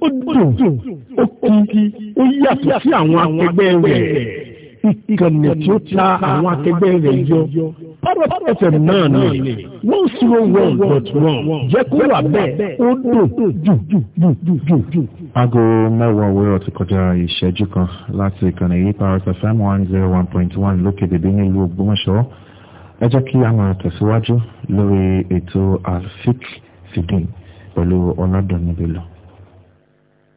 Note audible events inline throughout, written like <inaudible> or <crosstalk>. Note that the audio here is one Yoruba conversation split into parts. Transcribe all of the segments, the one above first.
ó dùn ó kí ó yàtọ̀ sí àwọn akẹgbẹ́ rẹ̀ ìkànnì tí ó ta àwọn akẹgbẹ́ rẹ̀ yọ FM náà ni one zero one dot one jẹ́ kó wà bẹ́ẹ̀ ó dùn jù jù jù jù jù. aago mẹ́wàá òwúrọ̀ ti kọjá ìṣẹ́jú kan láti ìkànnì yìí Parrot FM one zero one point one lókè bèbè nílùú Ògbómọ̀ṣọ́ ẹ jẹ́ kí a máa tẹ̀síwájú lórí ètò alfik fìdí pẹ̀lú ọ̀nàdàn níbí lọ.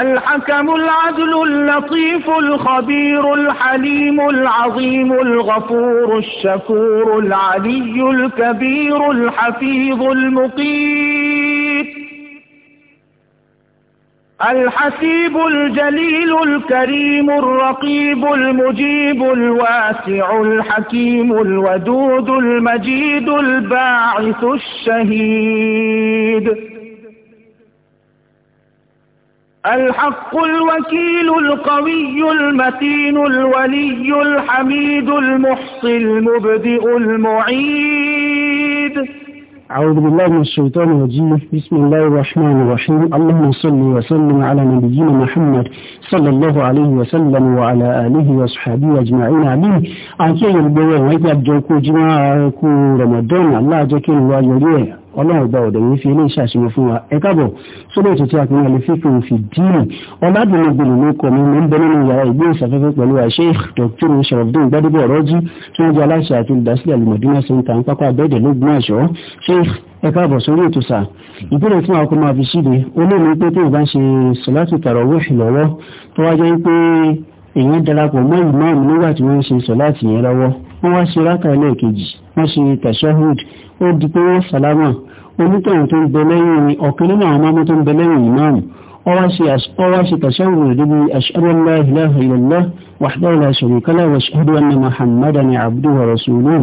الحكم العدل اللطيف الخبير الحليم العظيم الغفور الشكور العلي الكبير الحفيظ المقيت الحسيب الجليل الكريم الرقيب المجيب الواسع الحكيم الودود المجيد الباعث الشهيد الحق الوكيل القوي المتين الولي الحميد المحصي المبدئ المعيد أعوذ بالله من الشيطان الرجيم بسم الله الرحمن الرحيم اللهم صل وسلم على نبينا محمد صلى الله عليه وسلم وعلى آله وصحبه أجمعين آمين àti البيان وإذا ẹ̀wọ̀n ẹ̀jẹ̀ àjọ الله jímọ̀ kó ọlọ́run gba ọ̀dọ̀ yìí fi ilé ìṣàṣeyọ fún wa ẹ káàbọ̀ sórí ètò tí a pè ní àlefífún fi díìnì ọ̀làdùnú gbòòrò ló kọ́ mi ń bẹ nínú yàrá ìgbóhùnsáfẹ́fẹ́ pẹ̀lú Sheikh Dr. sharafdin gbadebo ọ̀rọ́jú tí wọ́n jẹ́ aláṣẹ àti olùdásílẹ̀ Al-Madina Center ń pápá abẹ́ẹ̀dẹ̀ lógún àṣọ Sheikh ẹ káàbọ̀ sórí ètò sáà ìbéèrè tí wọn kò máa fi ṣíde ó lè ní pé tí ìbá ṣe sọláàtì tarawih lọ́wọ́ tó wá jẹ́ pé èèyàn darapọ̀ mọ́ ìmáàmù nígbà tí wọ́n ń ṣe sọláàtì yẹn lọ́wọ́ wọ́n wá ṣe rákà lẹ́ẹ̀kejì wọ́n ṣe tashahud ó di pé wọ́n sàlámà onítọ̀hún tó ń bẹ lẹ́yìn ọ̀kan nínú àwọn mámú tó ń bẹ lẹ́yìn ìmáàmù ọwá ṣe tashahud rẹ̀ débi ashhadu an la ilaha illallah wahdahu la sharika lahu wa ashhadu anna muhammadan abduhu wa rasuluhu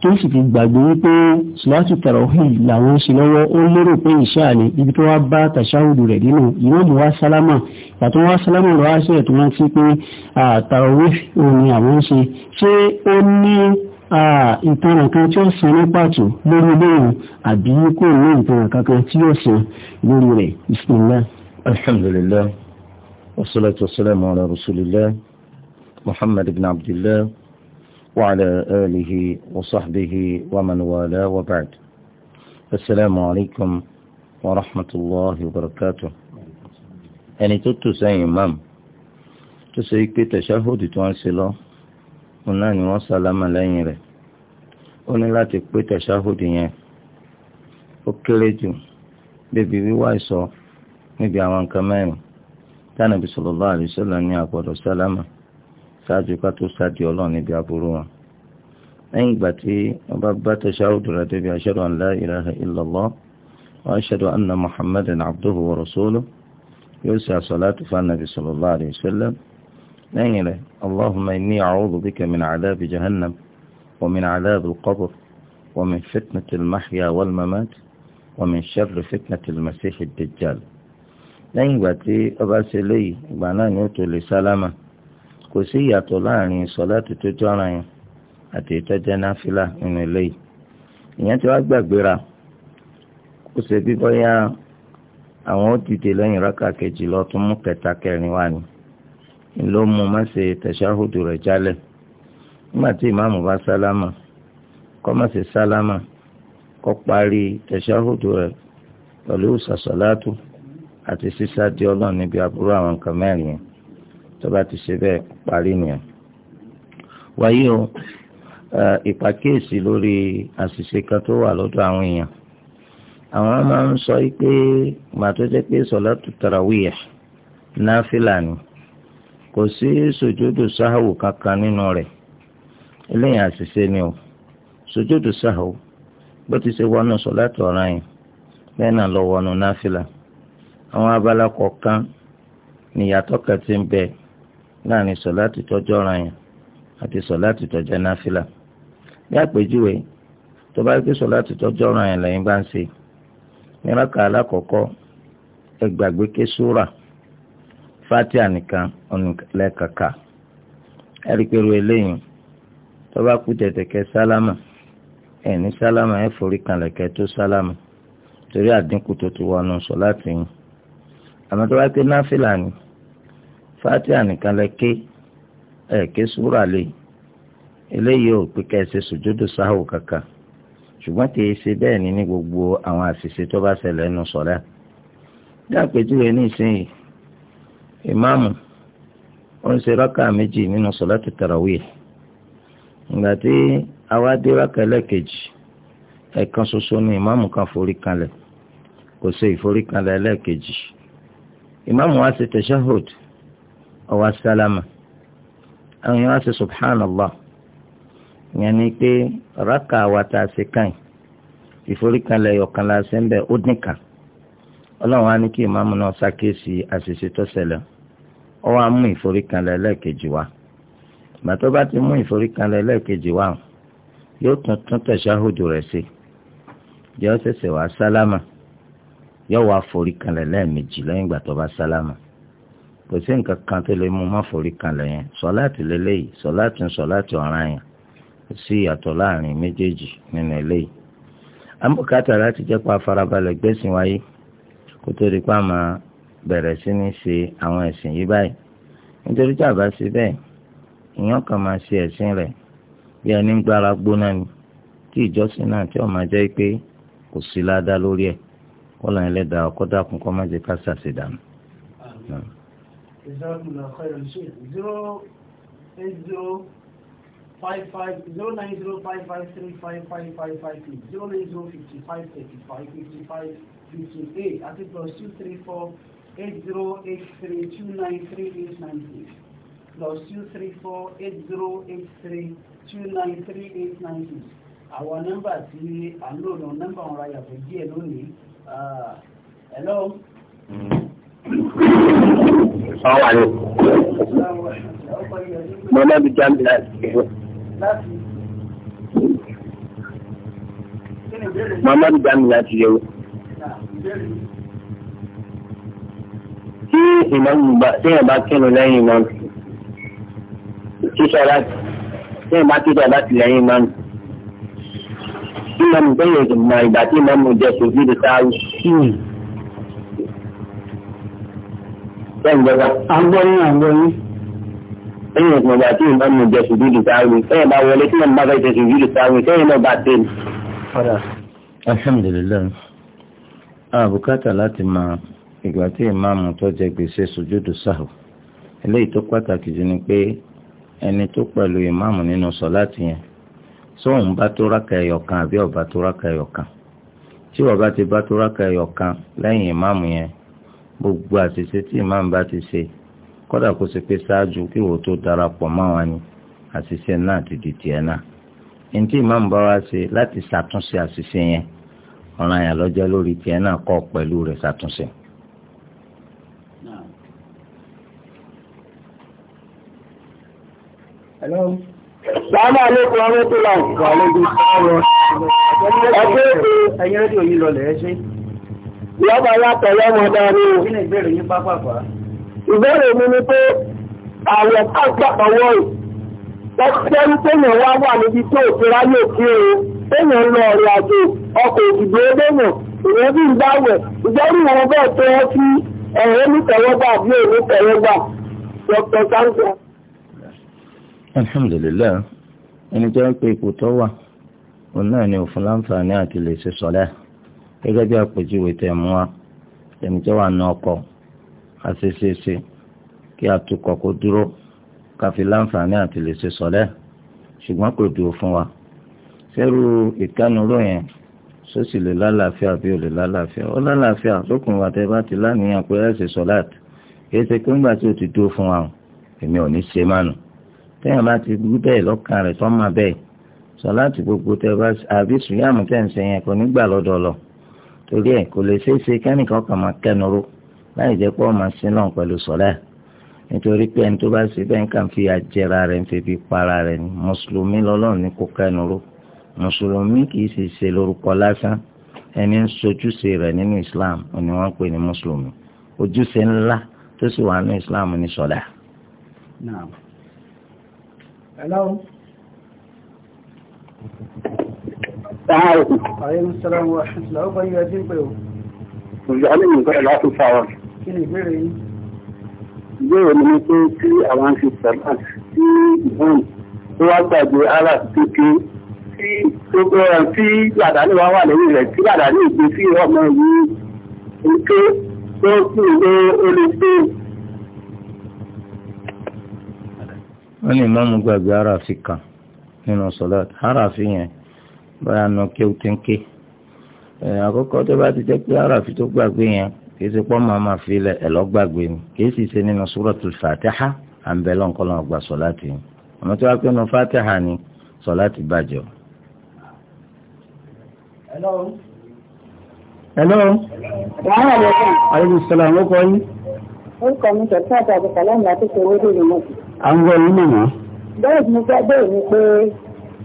tó sì ti gbàgbé wípé sùlátù tàràwí làwọn ṣe lọ́wọ́ ó lérò pé ìṣáà ni ibi tó wá bá tàṣáwùdù rẹ̀ nínú ìmọ̀mù wá sálámà yàtọ̀ wá sálámà lọ́wọ́ àṣẹ tó wọ́n ti pé tàràwí òun ni àwọn ṣe ṣé ó ní ìtanràn kan tí ó san ní pàtó lórí lóhùn àbí kò ní ìtanràn kankan tí ó san lórí rẹ̀ bismillah. alhamdulillah wassalatu wassalamu ala rasulillah muhammad ibn abdillah. وعلى آله وصحبه ومن والاه وبعد السلام عليكم ورحمة الله وبركاته ẹni tó tò sẹ́yìn imam tó ṣe pé tẹ̀síáhódì tó ń ṣe lọ òun náà ni wọ́n sálámà lẹ́yìn rẹ̀ ó ní láti pé tẹ̀síáhódì yẹn ó kéré jù bébí wíwá ìsọ níbi àwọn nǹkan mẹ́rin tánàbí sallallahu alaihi wasallam ní àgbọ̀dọ̀ sálámà. ṣáájú ká tó sáàdì ọlọ́run níbi aburú wọn lẹ́yìn ìgbà tí wọ́n bá bá tashahhud rẹ̀ débi àṣẹ́dọ̀ ńlá la ìlọ́lọ́ wọ́n ṣẹ́dọ̀ ashhadu anna muhammadan abduhu wa rasuluhu yóò ṣe àsàlátù fún fa nàbì sọ̀rọ̀ láàrin ìṣẹ́lẹ̀. lẹ́yìn rẹ̀ allahumma inni a'udhu bika min adhabi jahannam wa min adhabi al-qabr wa min fitnati al kò sí ìyàtọ̀ láàrin sọ̀láàtì tó jẹ́ ọ̀ranyàn àti ìtọ́jẹ́ náfìlà nínú ilé yìí ìyẹn tí wàá gbàgbéra kó àwọn ó dìde lẹ́yìn rákà lọ tún mú kẹta kẹrin wá ni ló mú má ṣe tẹ̀síáhùdù rẹ̀ jálẹ̀ nígbà tí ìmáàmù bá sálámà má ṣe sálámà parí tẹ̀síáhùdù rẹ̀ pẹ̀lú àti sísá di ọlọ́run níbi àbúrò àwọn nǹkan tó bá ti ṣe bẹ́ẹ̀ parí nìyẹn. wáyé o ìpàkíyèsí lórí àṣìṣe kan tó wà lọ́dọ̀ àwọn èèyàn àwọn máa ń sọ pé gbà tó jẹ́ pé sọ̀látù tarawih náfìlà ni kò sí sòjòdò sáhàwù kankan nínú rẹ̀ eléyìí àṣìṣe ni o sòjòdò sáhàwù bó ti ṣe wọnú sọ̀látù ọ̀ràn yìí bẹ́ẹ̀ náà lọ wọnú náfìlà àwọn abala kọ̀ọ̀kan níyàtọ̀ kan ti ń bẹ́ẹ̀ náà ni sọ̀láàtì tọ́jọ́ ọ̀ranyàn àti sọ̀láàtì tọ́jọ́ náfìlà ní àpèjúwe tó bá gbé sọ̀láàtì tọ́jọ́ ọ̀ranyàn lẹ́yìn bá ń ṣe ní rákà alákọ̀ọ́kọ́ ẹ gbàgbé ké súrà fatia nìkan ọ̀nìlẹ́kàkà ẹ rí i pé ru eléyìí tó bá kú tẹ̀tẹ̀kẹ́ sálámà ẹ̀ ní sálámà ẹ̀ forí kanlẹ̀kẹ́ tó sálámà torí àdínkù tó ti wọnú sọ̀láàtì yìí àmọ́ tó bá gbé náfìlà ni. fatiha nìkan lẹ ké ẹ ké súra o eléyìí ò pé kẹsẹ sùjúdù sáhù kankan ṣùgbọ́n kì í ṣe bẹ́ẹ̀ ni ní gbogbo àwọn àṣìṣe tó bá ṣẹlẹ̀ nù sọ̀rọ̀ bí àpèjúwe ní ìsinyìí ìmáàmù ó ń ṣe rákà méjì nínú sọ̀látù tarawih ìgbà tí àwa dé rákà ẹlẹ́ẹ̀kejì ẹ̀kan ṣoṣo ni ìmáàmù kan forí kanlẹ̀ kò ṣe ìforí kanlẹ̀ ẹlẹ́ẹ̀kejì ìmáàmù wa ṣe ọwọ́ sálámà àwọn yẹn wá sí subhanallah ìyẹn ni pé rákà wa ṣe kàn ìforíkanlẹ̀ ọ̀kan la ṣe ń bẹ̀ ó dín kan ọlọ́run á ní kí ìmáàmù náà ṣàkíyèsí àṣìṣe tó ọ wá mú ìforíkanlẹ̀ lẹ́ẹ̀kejì wá ìgbà tó ti mú ìforíkanlẹ̀ lẹ́ẹ̀kejì wá yóò tún tún rẹ̀ sí yóò ṣẹ̀ṣẹ̀ sálámà yóò wá lẹ́ẹ̀mejì lẹ́yìn ìgbà tó bá sálámà. kò sí nǹkan kan tó lè mú má forí kalẹ̀ yẹn sọláàtì lélẹ́yìí sọláàtì sọláàtì ọ̀ràn yẹn sí ìyàtọ̀ láàrin méjèèjì nínú eléyìí. amúkàtà láti jẹ́ pa farabalẹ̀ wáyé kó tó di pa máa bẹ̀rẹ̀ sí ní ṣe àwọn ẹ̀sìn yìí báyìí nítorí tí a bá ṣe bẹ́ẹ̀ ìyàn kan máa ṣe ẹ̀sìn rẹ̀ bí ẹni ń gbára gbóná ni ìzọ́kùnlá ọ̀kọ́yọ̀ ṣe zero eight zero five five zero nine zero five five three five five five five eight zero nine zero fifty five thirty five fifty five fifty eight àti plus two three four eight zero eight three two nine three eight nine six plus two three four eight zero eight three two nine three eight nine six àwọn nọ́mbà tí à ń lò lọ nọ́mbà wọn ra yàtọ̀ díẹ̀ lónìí uh, hello. Mm -hmm. Àwọn àlè. Mo náà bí jáde láti ṣe. Muhammadu Jami láti yẹ̀wò. Tí ìmọ̀mù bá téèyàn bá kẹ́nu lẹ́yìn ìmọ̀mù, kíṣọ́ láti téèyàn bá kíṣọ́ láti lẹ́yìn ìmọ̀mù. Tí ìmọ̀mù bẹ́yẹ̀ ìmọ̀ ìgbà tí ìmọ̀mù jẹ́ sòfin ìdíkàwé. lẹ́gbẹ̀ẹ́ta. àgbọ̀ yín àgbọ̀ yín. ẹ̀yin òkùnkùn ọgbà tí ìmọ̀ mi jẹ sùdúdù sáré sẹ́yìn bá wọlé tí wọ́n bá fẹ́ jẹ sùdúdù sáré sẹ́yìn náà bá dé. alhamdulilayi àbùkátà láti máa ìgbà tí ìmáàmù tó jẹ gbèsè sùjúdù sáhù eléyìí tó pàtàkì jù ni pé ẹni tó pẹ̀lú ìmáàmù nínú sọ̀láàtì yẹn sóun bá tó rákà ẹyọkan àbí ọba tó rákà ẹyọkan tí ọba ti bá tó rákà ẹyọkan lẹ́yìn ìmáàmù yẹn gbogbo àṣìṣe tí ìmáàmù bá ti ṣe kódà kó ṣe pé ṣáájú kí wò tó darapọ̀ mọ́ wọn ni àṣìṣe náà ti di tiẹ̀ náà ní tí ìmáàmù bá wá ṣe láti ṣàtúnṣe àṣìṣe yẹn ọ̀ràn yà lọ́jọ́ lórí tiẹ̀ náà kọ́ pẹ̀lú rẹ̀ ṣàtúnṣe. Sàmà àlékún ọmọ tó lọ. Ẹgbẹ́ ẹ̀yìn rédíò yìí lọlẹ̀ ẹ lọ́ba yàtọ̀ lọ́mọ dání o. ìbéèrè mi ni pé àwọn pàṣẹ ọwọ́ ìtọ́jú tẹ́yìn wá wà níbi tó òfìrá yóò kí o tẹ́yìn lọ ọ̀rọ̀ àjò ọkọ̀ òdìbò dènà ìyẹn bí ń dáwẹ̀ ìjọ́rú bẹ́ẹ̀ tó gẹ́gẹ́ bí àpèjúwe tẹ̀ mú wa ẹni tó wà ní ọkọ̀ àṣeṣeṣe kí atukọ̀ kó dúró káfí láǹfààní àti lè ṣe sọ̀lẹ́ ṣùgbọ́n kò dúró fún wa sẹ́rù ìkánuró yẹn sósì lè lálàáfíà bí ò lè lálàáfíà ó lálàáfíà lókun wa tẹ bá ti láníyàn pé ẹ ṣe sọ̀láàtì kìí ṣe pé ńgbà tí o ti dúró fún wa èmi ò ní ṣe mánu tẹ́yìn bá ti gbú bẹ́ẹ̀ lọ́kàn rẹ̀ tọ́ máa bẹ́ẹ̀ sọ̀láàtì gbogbo tẹ bá àbí sùúyàmù tẹ̀ ń ṣe yẹn kò ní gbà lọ́dọ̀ torí ẹ̀ kò lè ṣeé ṣe kẹ́nìkan kàn máa kẹnuró láì jẹ́ pé ọmọ sí náà pẹ̀lú sọ́lá nítorí pé ẹni tó bá ṣe bẹ́ẹ̀ kàn fi àjẹra rẹ̀ ń febi para rẹ̀ ni mùsùlùmí lọ́lọ́run ní kó kẹnuró mùsùlùmí kì í sì ṣe lórúkọ lásán ẹni ń sojúṣe rẹ̀ nínú Islam ni wọ́n ń pè ní mùsùlùmí ojúṣe ńlá tó sì wà nínú Islam ní sọ́lá. Hello. Ààrùn. Ààrùn sọ́rọ̀ wọ́n ṣùgbọ́n ó bá yíra dín pé o. Ìjọ́ ní nǹkan ẹ̀lá fún fáwọn. Kí ni ìbéèrè yìí? Ìbéèrè mi ni pé tí àwọn ń ṣe sàbá sí ìbọn tó wá gbàgbé ara kéke tí tó gbọ́ra tí làdáni wá wà lórí rẹ̀ tí làdáni ìgbé sí ọmọ yìí ń tó kù lé olùgbé. Wọ́n ní báyà nù kéwù téńké àkọ́kọ́ tó bá ti jẹ́ pé aráàfin tó gbàgbé yẹn kì í ṣe pọ́ máa máa fi lẹ̀ ẹ̀lọ́ gbàgbé ni kì í sì ṣe nínú Suratul Fatiha à ń bẹ lọ́nkọ́lọ́ àgbà sọ̀láàtì yẹn àmọ́ tó bá pé nínú Fatiha ni sọ̀láàtì bàjẹ́ o. Hello. Hello. wàhálà rẹ̀ kàn. aleykum salaam ló kọ́ yín. ó kọ́ mi sọ̀tún àti àbùkálẹ̀ ńlá tó ṣe owó dé ìlú náà. à ń gbọ́ yín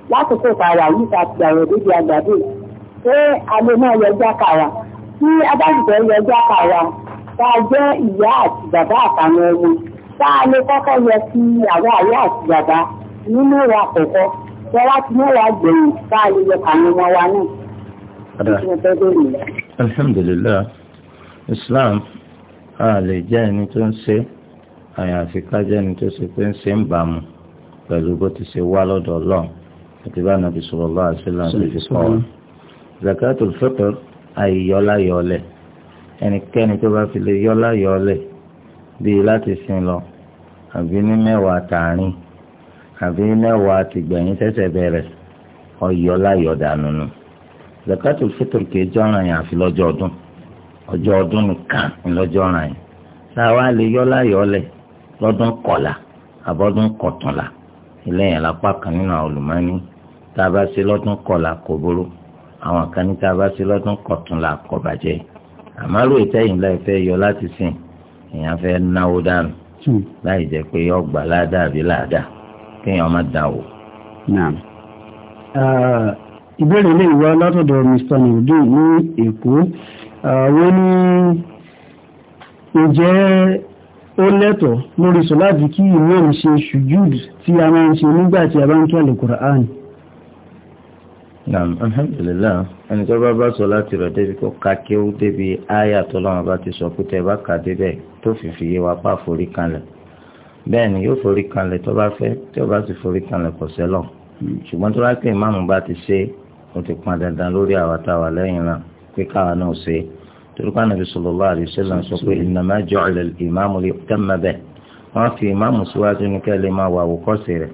lásìkò kàrà yìí àti àwọn òdòdó àgbàdo pé a lè máa yọjá kàrà tí abájùbẹ̀ yọjá kàrà tá a jẹ́ ìyá àti bàbá àtàwọn ọmọ tá a lè kọ́kọ́ yẹ sí àwọn àyà àti bàbá nínú ìwà àkọ́kọ́ tí wọ́n ti mẹ́wàá gbẹ̀yìn tá a lè yọ kàwọn ọmọ wa náà. alhamdulillah islam a lè jẹ́ ẹni tó ń ṣe àyàfi ká jẹ́ ẹni tó ṣe pé ń ṣe ń bàmù pẹ̀lú bó ti ṣe wá lọ́dọ̀ ọlọ́run àti bá nàbì sallallahu alaihi wasallam fi kọ́ ọ. zakatul fitr àìyọ́lá yọ̀ọ́lẹ̀ ẹnikẹ́ni tó bá fi lè yọ́lá yọ̀ọ́lẹ̀ bíi láti sin lọ àbí ní mẹ́wàá tààrin àbí mẹ́wàá tìgbẹ̀yìn tẹ́sẹ̀ bẹ̀rẹ̀ ọ̀yọ́lá yọ̀ọ́dà nínú zakatul fitr kìí jọ́ràn yẹn àfi lọ́jọ́ ọdún ọjọ́ ọdún nìkan ńlọ́jọ́ ọ̀ràn yẹn táwa lè yọ́lá yọ̀ọ́lẹ̀ lọ́dún kọ̀la àbọ́dún kọ̀tùnla ilé yẹn lápá kan nínú àwọn olùmọ́ni tá a bá ṣe lọ́dún kọ̀ọ̀la kò burú àwọn kan ní tá a bá ṣe lọ́dún kọ̀túnla kò bàjẹ́ àmọ́ ló ìtẹ́yìn láì fẹ́ yọ láti sìn èèyàn fẹ́ náwó dànù hmm. láì jẹ́ pé ọgbà ládà àbí làádà kéèyàn má dà wò. Ah, ìbéèrè ilé ìwà látọ̀dọ̀ Mr. nìdú ní Èkó ah, wọ́n ní ǹjẹ́ ó lẹ́tọ̀ọ́ lórí sọ láti kí ìwé ìṣe ṣùjúd tí a máa ń ṣe nígbà tí a bá ń kí àlùkùránì naam alhamdulilah ẹni tó bá bá sọ láti rẹ̀ débi kó ka kéwú débi àyà tó lọ́wọ́ bá ti sọ kúta ẹ̀ bá kà débẹ̀ tó fìfì yé wa pa forí kanlẹ̀ bẹ́ẹ̀ ni yóò forí kanlẹ̀ tó bá fẹ́ tí ó bá sì forí kanlẹ̀ kò sẹ́lọ̀ ṣùgbọ́n tó bá pè máàmù bá ti ṣe ó ti pọn dandan lórí àwa tá a wà lẹ́yìn náà pé káwa náà ṣe torí pé Ànábì sallallahu alaihi wasallam sọ pé innama ju'ila al-imamu li yutamma wọ́n fi ìmáàmù síwájú ní kẹ́lẹ́ máa wà àwòkọ́ṣe rẹ̀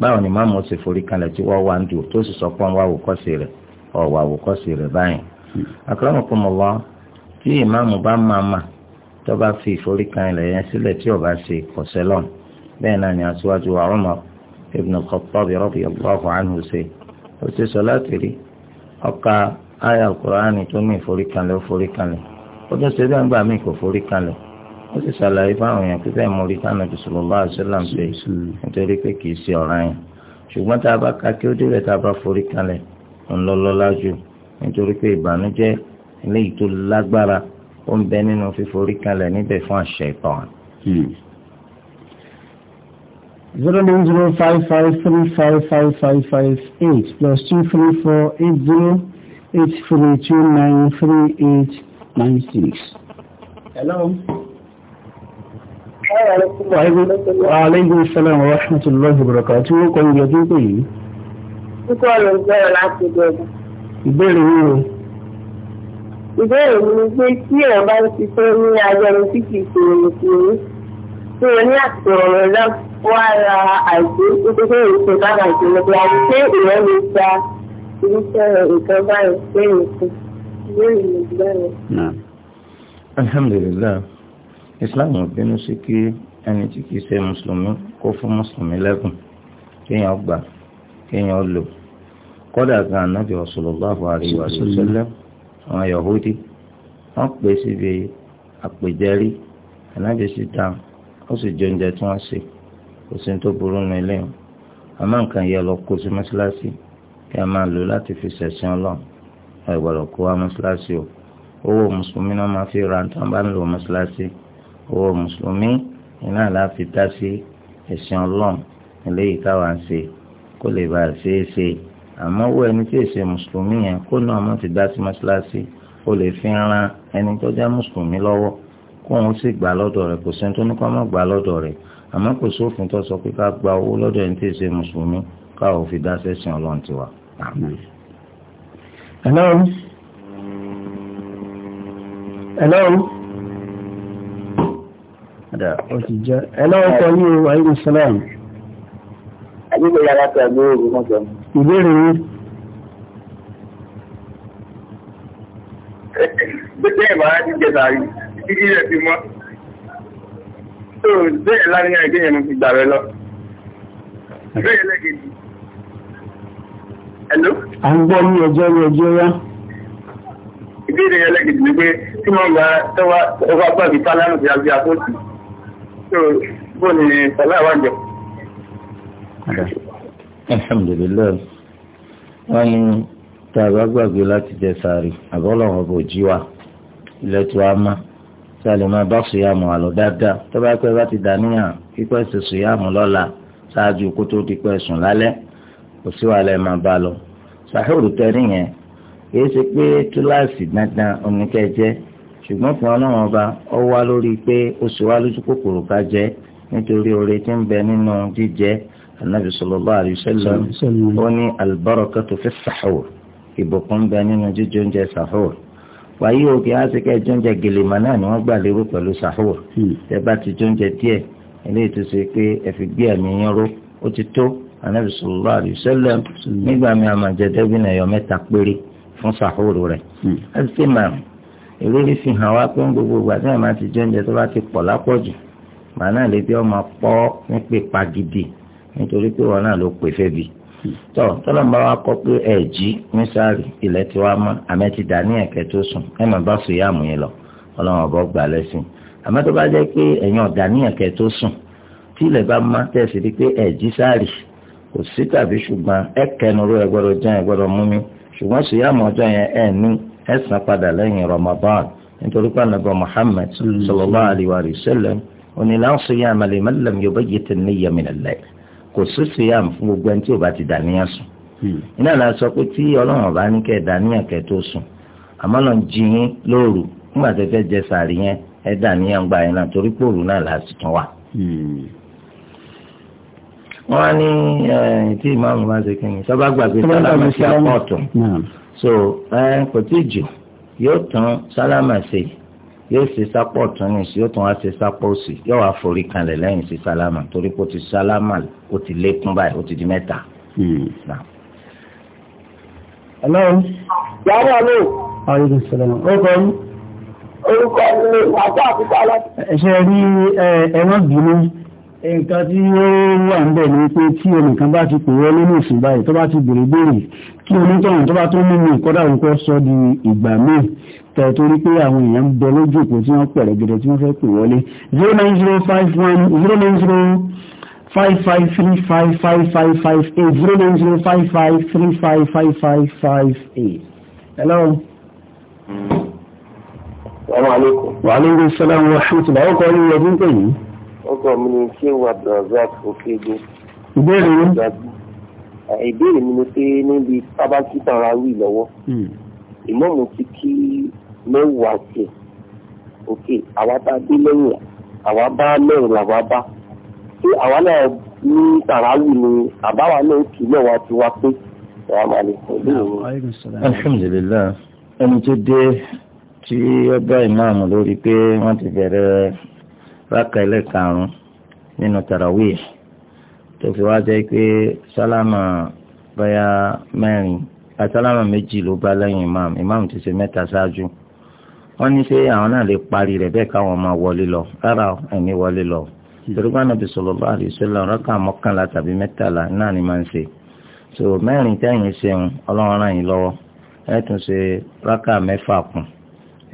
báwo ni mamu ṣe forí kalẹ̀ tí wọ́n wá ń dùn tó sì sọ pé wọ́n wá si rẹ̀ ọ̀wọ́ àwòkọ́sí rẹ̀ báyìí. akramakumullah tí ìmáàmù bá máa mà tó bá fi ìforí kalẹ̀ yẹn sílẹ̀ tí bá ṣe kọ̀ṣẹ́ lọ́n bẹ́ẹ̀ náà ni aṣíwájú Umar ibn al-Khattab radiyallahu anhu ṣe ó ṣe sọ̀láàtì rí ọkà àyá al tó ní ìforí kalẹ̀ ó forí kalẹ̀ ó tún ṣe gbà mí kò forí kalẹ̀ ó sì ṣàlàyé fáwọn èèyàn pé bẹ́ẹ̀ mo rí kánà bí sallallahu alaihi wasallam ṣe nítorí pé kì í ṣe ọ̀ràn yẹn ṣùgbọ́n tá a bá ka kí ó délẹ̀ tá a bá forí kalẹ̀ ń lọ lọ́lá jù nítorí pé ìbànújẹ́ eléyìí tó lágbára ó ń bẹ nínú fíforí kalẹ̀ níbẹ̀ fún àṣẹ ìtàn. zero nine zero five five three five five five five eight plus two three four eight zero eight three two nine three eight nine six. hello. Aleykum salaam wa rahmatullahi wa barakatuh tí wọ́n kọ́ ìgbẹ́ tó pè yìí. Kíkọ́ ló ń bẹ̀rẹ̀ láti bẹ̀rẹ̀. Ìbéèrè yìí o. Ìbéèrè mi ni pé tí èèyàn bá ń ṣiṣẹ́ ní agbẹ̀rún tí kìí ṣe òmìnirí, tí o ní àtìkò ọ̀rọ̀ náà wá àìsí nítorí èyí ṣe bá àìsí níbi àti pé èèyàn lè gba irúfẹ́ nǹkan báyìí pé èèyàn kù. Ìbéèrè mi bẹ̀rẹ̀. Alhamdulillah islam bínú sí kí ẹni tí kìí ṣe mùsùlùmí kó fún mùsùlùmí lẹ́bùn kéèyàn gbà kéèyàn lò kódà gan anábì sallallahu alaihi wa àwọn yahudi wọ́n pè síbi àpèjẹ́rí anábì sí dáhùn ó sì jẹ oúnjẹ tí wọ́n sè kò sí tó burú nu ilé wọn àmọ́ nǹkan yẹ lọ kó sí mọ́ṣáláṣí kí a máa lò láti fi ṣẹ̀sìn ọlọ́run ẹ̀ kó wá mọ́ṣáláṣí o owó mùsùlùmí náà máa fi ra tí wọ́n bá ń lò mọ́ṣáláṣí owó mùsùlùmí iná láfi dá sí ẹ̀sìn ọlọ́run eléyìí táwa ń ṣe kó lè bá a ṣe é ṣe àmọ́ owó ẹni tí èsè mùsùlùmí yẹn kó náà má ti dá sí mọ́ṣáláṣí ó lè fi ran ẹni tó jẹ́ mùsùlùmí lọ́wọ́ kó òun sì gbà lọ́dọ̀ rẹ̀ kò sẹ́ni tó ní kó má gbà lọ́dọ̀ rẹ̀ àmọ́ kò sófin tó sọ pé ká gba owó lọ́dọ̀ ẹni tí èsè mùsùlùmí káwọn fi dá sẹ́sìn ọlọ́run tiwa. Hello. Hello. Ọ̀dà ó ti jẹ́. Ẹ lọ́wọ́ kọ ní o, Ayé Mùsùlùm. Àdúgbò yàrá tó àgbé òru mọ́ jẹun. Ìbéèrè yín. Bẹ́ẹ̀ bàá ti jẹ sàárì, títí rẹ̀ ti mọ́. Tó bẹ́ẹ̀ láríyàn ìgbéyàn mo ti gbà rẹ lọ. Bẹ́ẹ̀ lẹ́gẹ̀dì. Ẹ̀lú. À ń gbọ́ ní ọjọ́ ní ọjọ́ yá ìbéèrè ẹlẹ́gìdì ni pé tí wọ́n gba ẹwà pàbí tálánù sí àbí àkóòtù tó bó ni sọlá wà jọ. alhamdulilayi wọn ní tá a bá gbàgbé láti jẹ sàárì àbọ̀lọ́wọ́ bò jí wa ilẹ̀ tó a má tá a lè máa bá sùyàmù àlọ́ dáadáa tó bá pẹ́ bá ti dàníyàn pípẹ́ sí sùyàmù lọ́la ṣáájú kó tó di pẹ́ sùn ṣùgbọ́n fún ọlọ́run ọba ó wá lórí pé ó sì wá lójú kòkòrò ká jẹ nítorí oore tí ń bẹ nínú jíjẹ anabi sallallahu alaihi wasallam ó ní albarakatu fi sahur ìbùkún bẹ nínú jíjẹ oúnjẹ sahur wàyí òkè àtìkẹ́ jóúnjẹ gèlèmà náà ni wọ́n gbà lérò pẹ̀lú sahur hmm. ẹ bá ti jóúnjẹ díẹ̀ eléyìí tó pé ẹ fi gbé ẹ̀mí yín ró ó ti tó anabi sallallahu alaihi hmm. nígbà mi àmàjẹdẹ́bí náà yọ mẹ́ta péré fún sahur rẹ̀ ẹ sì máa ìrírí fi hàn wá pé gbogbo ìgbà tí ẹ̀ máa ti jẹ oúnjẹ tó bá ti pọ̀ lápọ̀jù màá náà lè bí ọmọ pọ́ ní pípa gidi nítorí pé wọn náà ló pè fẹ́ bi tọ tọlọmọba wa kọ pé ẹ jí ní sáré ilẹ̀ tí wàá mọ àmẹ ti dà ní ẹ̀kẹ́ tó sùn ẹ má bá sùn yá mú yín lọ ọlọ́run ọ̀bọ gbà lẹ́sìn àmọ́ tó bá jẹ́ pé ẹ̀yin ọ̀dà ní ẹ̀kẹ́ tó sùn tí ilẹ̀ bá mọ́ tẹ̀sí rí pé ẹ jí sáré kò sí tàbí ṣùgbọ́n ẹ kẹnu ró gbọ́dọ̀ jẹun ẹ gbọ́dọ̀ mú mi ṣùgbọ́n sùn yá mọ́ ọjọ́ yẹn ẹ ní ẹ̀sán padà lẹ́yìn Ramadan nítorí pé ànábì Muhammad sallallahu alayhi wa sallam onílà ń sọyà àmàlẹ́ mẹ́lẹ́m yóò bá yẹ tẹ̀lé yẹmìnà lẹ̀ kò sí sọyà fún gbogbo ẹni tí ò bá ti dàníyàn sùn. Hmm. iná la sọ pé tí ọlọ́run bá ní kẹ́ dàníyàn kẹ́ tó sùn àmọ́ lọ́n jí yín lóru nígbà tẹ́ fẹ́ jẹ sàárì yẹn ẹ dàníyàn gba yẹn náà torí pòrú náà là sì tún wà. Hmm. wọ́n á ní tí ìmáàmù máa ṣe kẹ́yìn sọ́ba so ẹ kò tí jù yóò tán sálámà ṣe yóò ṣe sápọ̀ tún ní yóò tún wá ṣe sápọ̀ sí yóò wá forí kanlẹ̀ lẹ́yìn sí sálámà torí pé ó ti sálámà ó ti lékún báyìí ó ti di mẹ́ta. Hmm. Hello. Yàrá mi. Aleykum salaam. Ó mi. Orúkọ mi ni Màtá àti Bálá. Ṣé ẹ rí ẹ̀rọ bínú? nǹkan tí ó wà ń bẹ̀ ní pé tí ẹnìkan bá ti pòwọ́ lónìí ìsìn báyìí tó bá ti bèrè bèrè kí onítọ̀hún tó bá tó mímu ìkọ́dà òkọ́ sọ di ìgbà míì tẹ̀ torí pé àwọn èèyàn ń bẹ lójú òpó tí wọ́n pẹ̀rẹ̀ gẹ̀dẹ̀ tí wọ́n fẹ́ pè wọlé 09051 09055355558 hello. Wa alaikum salaam wa rahmatullahi wa barakatuh ọkọ mi ni ṣéwù abdulrasaq okegun. ìbéèrè yín. ìbéèrè mi ni pé níbi tábàkítà ara wì lọ́wọ́ hmm. ìmọ̀ọ́mù ti kí mẹ́wàá ṣe òkè àwa bá dé lẹ́yìn àwa bá mẹ́rin làwa bá ṣé àwa náà ní tàràwì ni àbáwa náà kì í mẹ́wàá ti wá pé ṣàwọn máa lè sọ bí òun. alhamdulilayi ẹni tó dé tí ó ìmáàmù lórí pé wọ́n ti bẹ̀rẹ̀ rákà ẹlẹ́karùn-ún nínú tarawih tó fi wá jẹ́ pé sálámà báyà mẹ́rin àtàlámà méjì ló bá lẹ́yìn imam imam ti ṣe mẹ́ta ṣáájú wọ́n ní ṣé àwọn náà lè parí rẹ̀ bẹ́ẹ̀ káwọn máa wọlé lọ rárá ẹ̀mí wọlé lọ torípa Ànábì sallallahu alaihi wasallam rákà mọ́kànlá tàbí mẹ́tàlá náà ni máa ń ṣe so mẹ́rin tẹ́yìn ṣeun ọlọ́run ràn yín lọ́wọ́ ẹ̀ tún ṣe rákà mẹ́fà kún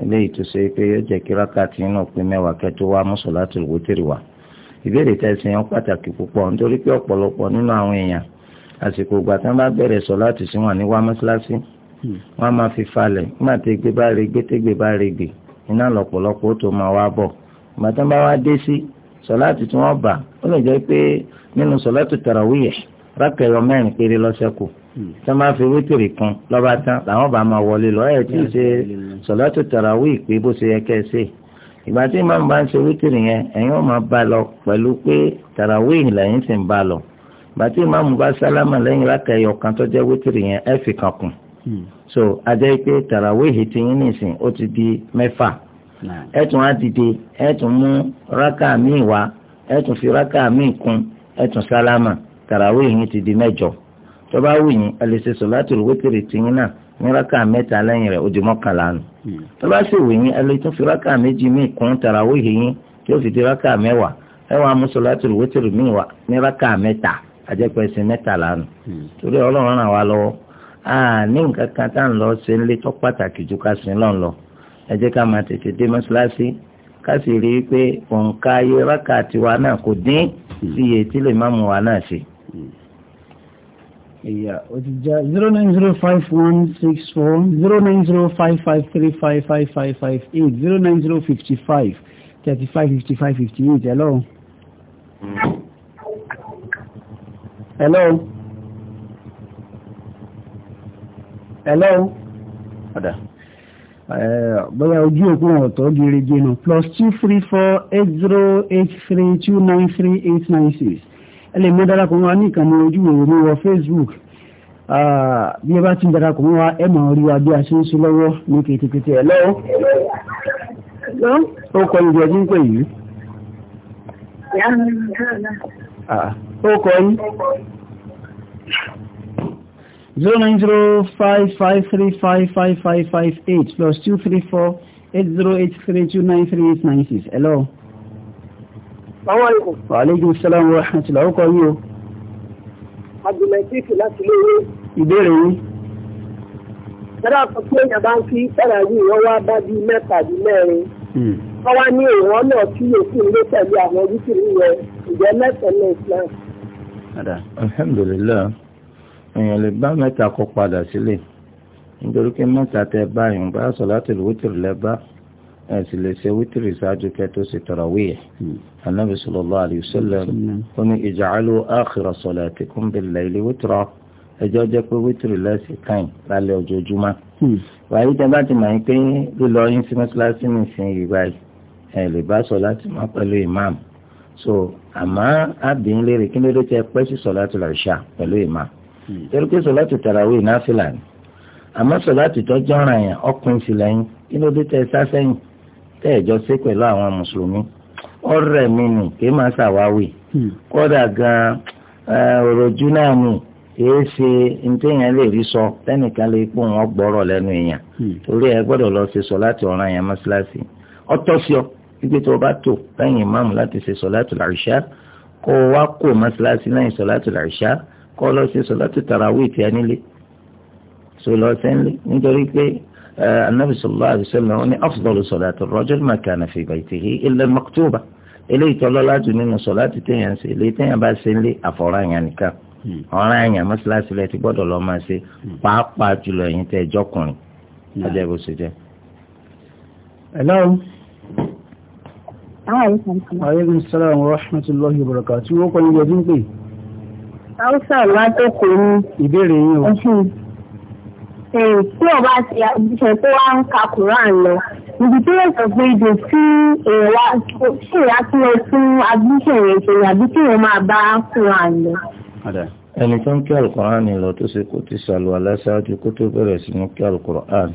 eléyìí tó ṣe pé yóò jẹ́ kí rákàtí inú òpin mẹ́wàá kẹ́tó wá mú sọ̀látùl wítìrì wá ìbéèrè tẹ̀sí yẹn pàtàkì púpọ̀ nítorí pé ọ̀pọ̀lọpọ̀ nínú àwọn èèyàn àsìkò ìgbà tí wọ́n bá bẹ̀rẹ̀ sọ̀látù sí wọn ní wá mọ́ṣáláṣí hmm. wọ́n máa fi falẹ̀ nígbà tí gbé bá regbé tégbé bá regbè iná lọ̀pọ̀lọpọ̀ ó tó máa wá bọ̀ ìgbà tí bá wá dé sí sọ̀látù tí wọ́n bà ó lè jẹ́ pé nínú sọ̀látù tàràwíyẹ̀ rákẹ̀yọ mẹ́rin péré lọ́sẹ̀kù tí wọ́n bá fi wítìrì kan lọ́ba tán làwọn bá máa wọlé lọ ẹ̀ tí ì ṣe sọ̀látù tàràwí pé bó ṣe yẹ kẹ́ ẹ ṣe ìgbà tí màá bá ń ṣe wítìrì yẹn ẹ̀yin ó máa bá lọ pẹ̀lú pé tàràwí lẹ́yìn sì ń bá lọ ìgbà tí màá bá sálámà lẹ́yìn lákàyọ̀ kan tó jẹ́ wítìrì yẹn ẹ̀ fi kan kùn so ajẹ́ pé tàràwí ti yín nìsín ó ti di mẹ́fà ẹ tún á dìde ẹ tún mú rákà míì wá ẹ tún fi rákà míì kún ẹ tún sálámà tàràwí yín ti di mẹ́jọ. tó bá wù yín ẹ lè ṣe sọ̀látùl wítìrì tìyín náà ní rákà mẹ́ta lẹ́yìn rẹ̀ ojú mọ́kànlá nù. Hmm. tó sì wù yín ẹ fi rákà méjì míì kún tàràwíhì yín tí ó fi di rákà mẹwa ẹ mú sọ̀látùl wítìrì míì ní rákà hmm. torí ọlọ́run ràn wá lọ́wọ́ ní nǹkan kan tá à tiwa náà kò dín hmm. tí lè má mú wa náà ṣe. Yeah, ó ti já zero nine zero five one six four zero nine zero five five three five five five five eight zero nine zero fifty five thirty five fifty five fifty eight hello. hello. hello. ọ̀dà eh, bóyá ojú òkú wọn ọ̀tọ̀ gírígé nù plus two three four eight zero eight three two nine three eight nine six ẹlẹ́ mọ́ darapọ̀ wa ní ìkànnì ojú ìròyìn wọ facebook bí ẹ bá ti ń darapọ̀ wa ẹ máa rí wa bí a ṣe ń ṣe lọ́wọ́ ní kètèkètè ẹ̀ lọ́wọ́. ó kọ ibi ọdún pè yìí. ó kọ yìí. zero nine zero five five three five five five five eight plus two three four eight zero eight three two nine three eight nine six hello. Wàhálẹ́gùn Sálàmù Rahmatullah ó kọ́ yíò. Abdulmatif láti léwé. Ìbéèrè yìí. Tẹ́lá kan tí èèyàn bá ń kí tẹ́lá yìí wọ́n wá bá bí mẹ́ta bí mẹ́rin. Hmm. Wọ́n wá ní ìwọ̀n náà kí yòókù ló pẹ̀lú àwọn oríṣi yẹn ìjẹ́ mẹ́tẹ̀lẹ̀ Islam. Alhamdulillah, èèyàn lè bá mẹ́ta kó padà sílẹ̀. Nítorí pé mẹ́ta tẹ báyìí, bá sọ̀látùl wítìrì lẹ́bá, ẹ̀ sì lè ṣe wítìrì ṣáájú kẹ́ tó ṣe tàràwíyẹ̀. Hmm. النبي صلى الله عليه وسلم قل اجعلوا آخر صلاتكم بالليل وترا ẹjọ́ jẹ́ pé wítìrì lẹ́sìn kan lálẹ́ ojoojúmọ́ hmm. wàyí tẹ bá ti mọ̀ yín pé lílọ yín sí mọ́ṣáláṣí mi sí yìí báyìí ẹ lè bá sọ láti mọ́ pẹ̀lú ìmáàmù so àmọ́ àbíyín léèrè kí lóde tẹ pẹ́ sí sọ̀láàtì làṣà pẹ̀lú ìmáàmù hmm. torí pé sọ̀láàtì tàràwé náfìlà ni àmọ́ sọ̀láàtì tó jọ́ràn yẹn ọkùnrin sì lẹ́yìn kí lóde tẹ sá sẹ́yìn tẹ́ ẹ̀jọ́ sí pẹ̀lú àwọn mùsùlùmí ọ̀rẹ́ mi nì kí máa ṣàwáwì hmm. kódà gan òròjú náà nì kìí ṣe ntẹ̀yìn lè rí sọ tẹ́nìkan lè pọ̀ wọ́n gbọ́rọ̀ lẹ́nu èèyàn hmm. torí ẹ gbọ́dọ̀ lọ ṣe sọ láti ọ̀ràn yẹn mọ́ṣáláṣí ọtọ́ sí ọ wípé tó o bá tò lẹ́yìn ìmáàmù láti ṣe sọ láti làrìṣà kó o wá kó mọ́ṣáláṣí lẹ́yìn sọ láti làrìṣà kó o lọ ṣe sọ láti tàràwí ìtì ẹni lé lọ sẹ́ńlé nítorí pé النبي صلى الله عليه وسلم أن أفضل صلاة الرجل ما كان في بيته إلا المكتوبة إليه طلالات من صلاة تيانسي إليه تيان باسين لي أفران يعني كان ọ̀ràn àyàn mọ́ṣáláṣí lẹ ti gbọ́dọ̀ lọ́ọ́ máa ṣe pàápàá jùlọ ẹ̀yin tẹ́ ẹjọ́ kùnrin ọjọ́ ìbò ṣe jẹ́. hello. aleykum salaam wa rahmatulahi wa barakatuh wọ́n kọ́ ní yẹn dín pé. hausa látọkùnrin. ìbéèrè yín o tí ọba ti àbúṣe tó wá ń ka Quran lọ ibi tí yóò sọ pé ìdè tí èèwà tí èèyà tí ó fún àbúṣe rẹ̀ ṣe àbí tí èèyàn máa bá Quran lọ. ẹni tó ń kí alukoran lọ tó ṣe kó ti ṣàlùwà láṣáájú kó tó bẹ̀rẹ̀ sí ní kí alukoran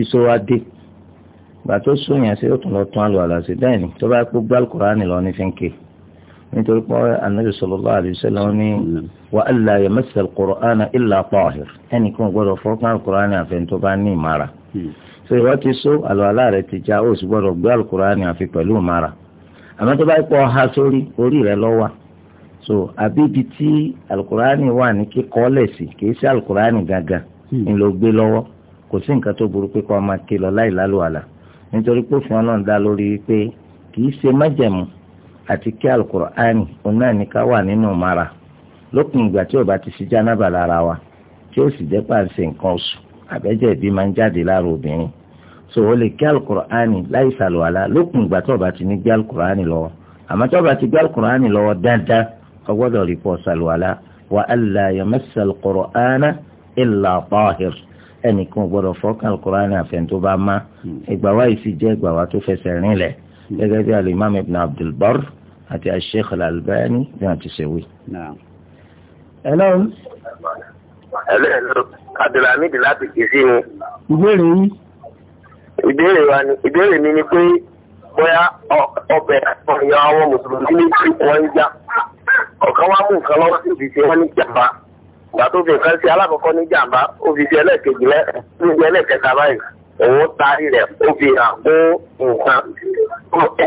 ìṣòwádé gbà tó sún yẹn sí ó tún lọ tún àlùwàlà sí bẹ́ẹ̀ ni tó bá gbogbo alukoran lọ ní fi nítorí pé anabi sallallahu alaihi wasallam ní wa alla yamassa al-Qur'ana illa tahir ẹnìkan gbọ́dọ̀ fọkàn al-Qur'ani àfẹn tó bá ní ìmára hmm. so ìwọ ti so àlùwàlá rẹ ti já o sì gbọ́dọ̀ gbé al àfi pẹ̀lú ìmára àmọ́ tó bá pọ̀ ha sórí orí rẹ lọ wà so àbí ibi tí al-Qur'ani wà ní kíkọ́ lẹ̀ sí kì í sí al-Qur'ani gàgà ńlọ gbé lọ́wọ́ kò sí nǹkan tó burú àti kí alukur'ani òun náà ní ká wà nínú mara lópin ìgbà tí ó bá ti sí jánábà lára wa tí ó sì jẹ́ pàṣẹ nǹkan oṣù àbẹ́jẹ́ ìbí máa ń jáde lára obìnrin so o lè kí alukur'ani láì sàlùwàlá lópin ìgbà tí ó bá ti ní gbé alukur'ani lọ́wọ́ àmọ́ tí ó bá ti gbé alukur'ani lọ́wọ́ dáadáa ó gbọ́dọ̀ rí pọ̀ sàlùwàlá wa alla yamassa alukur'ana illa tahir ẹnìkan gbọ́dọ̀ fọ́ọ̀kan alukur'ani àfẹ́ntó bá má hmm. ìgbà wa yìí sì jẹ́ ìgbà wa tó fẹsẹ̀ rìn lẹ̀ gẹ́gẹ́ bí alimami ibn Abdul Barr àti Sheikh Al-Albani bí wọ́n ti ṣe wí. hello. hello hello abdulhamid láti kìsí mi. ìbéèrè yìí. ìbéèrè wa ni ìbéèrè mi ni pé bóyá ọbẹ̀ ọ̀yàn àwọn mùsùlùmí ní kí wọ́n ń jà ọ̀kan wá mú nǹkan lọ́wọ́ sí ìfìsí wọn ní jàmbá ìgbà tó fi nǹkan sí alákọ̀ọ́kọ́ ní jàmbá ó ẹlẹ́ẹ̀kejì lẹ́ báyìí òun taari rẹ̀ ó fi hàn kó nǹkan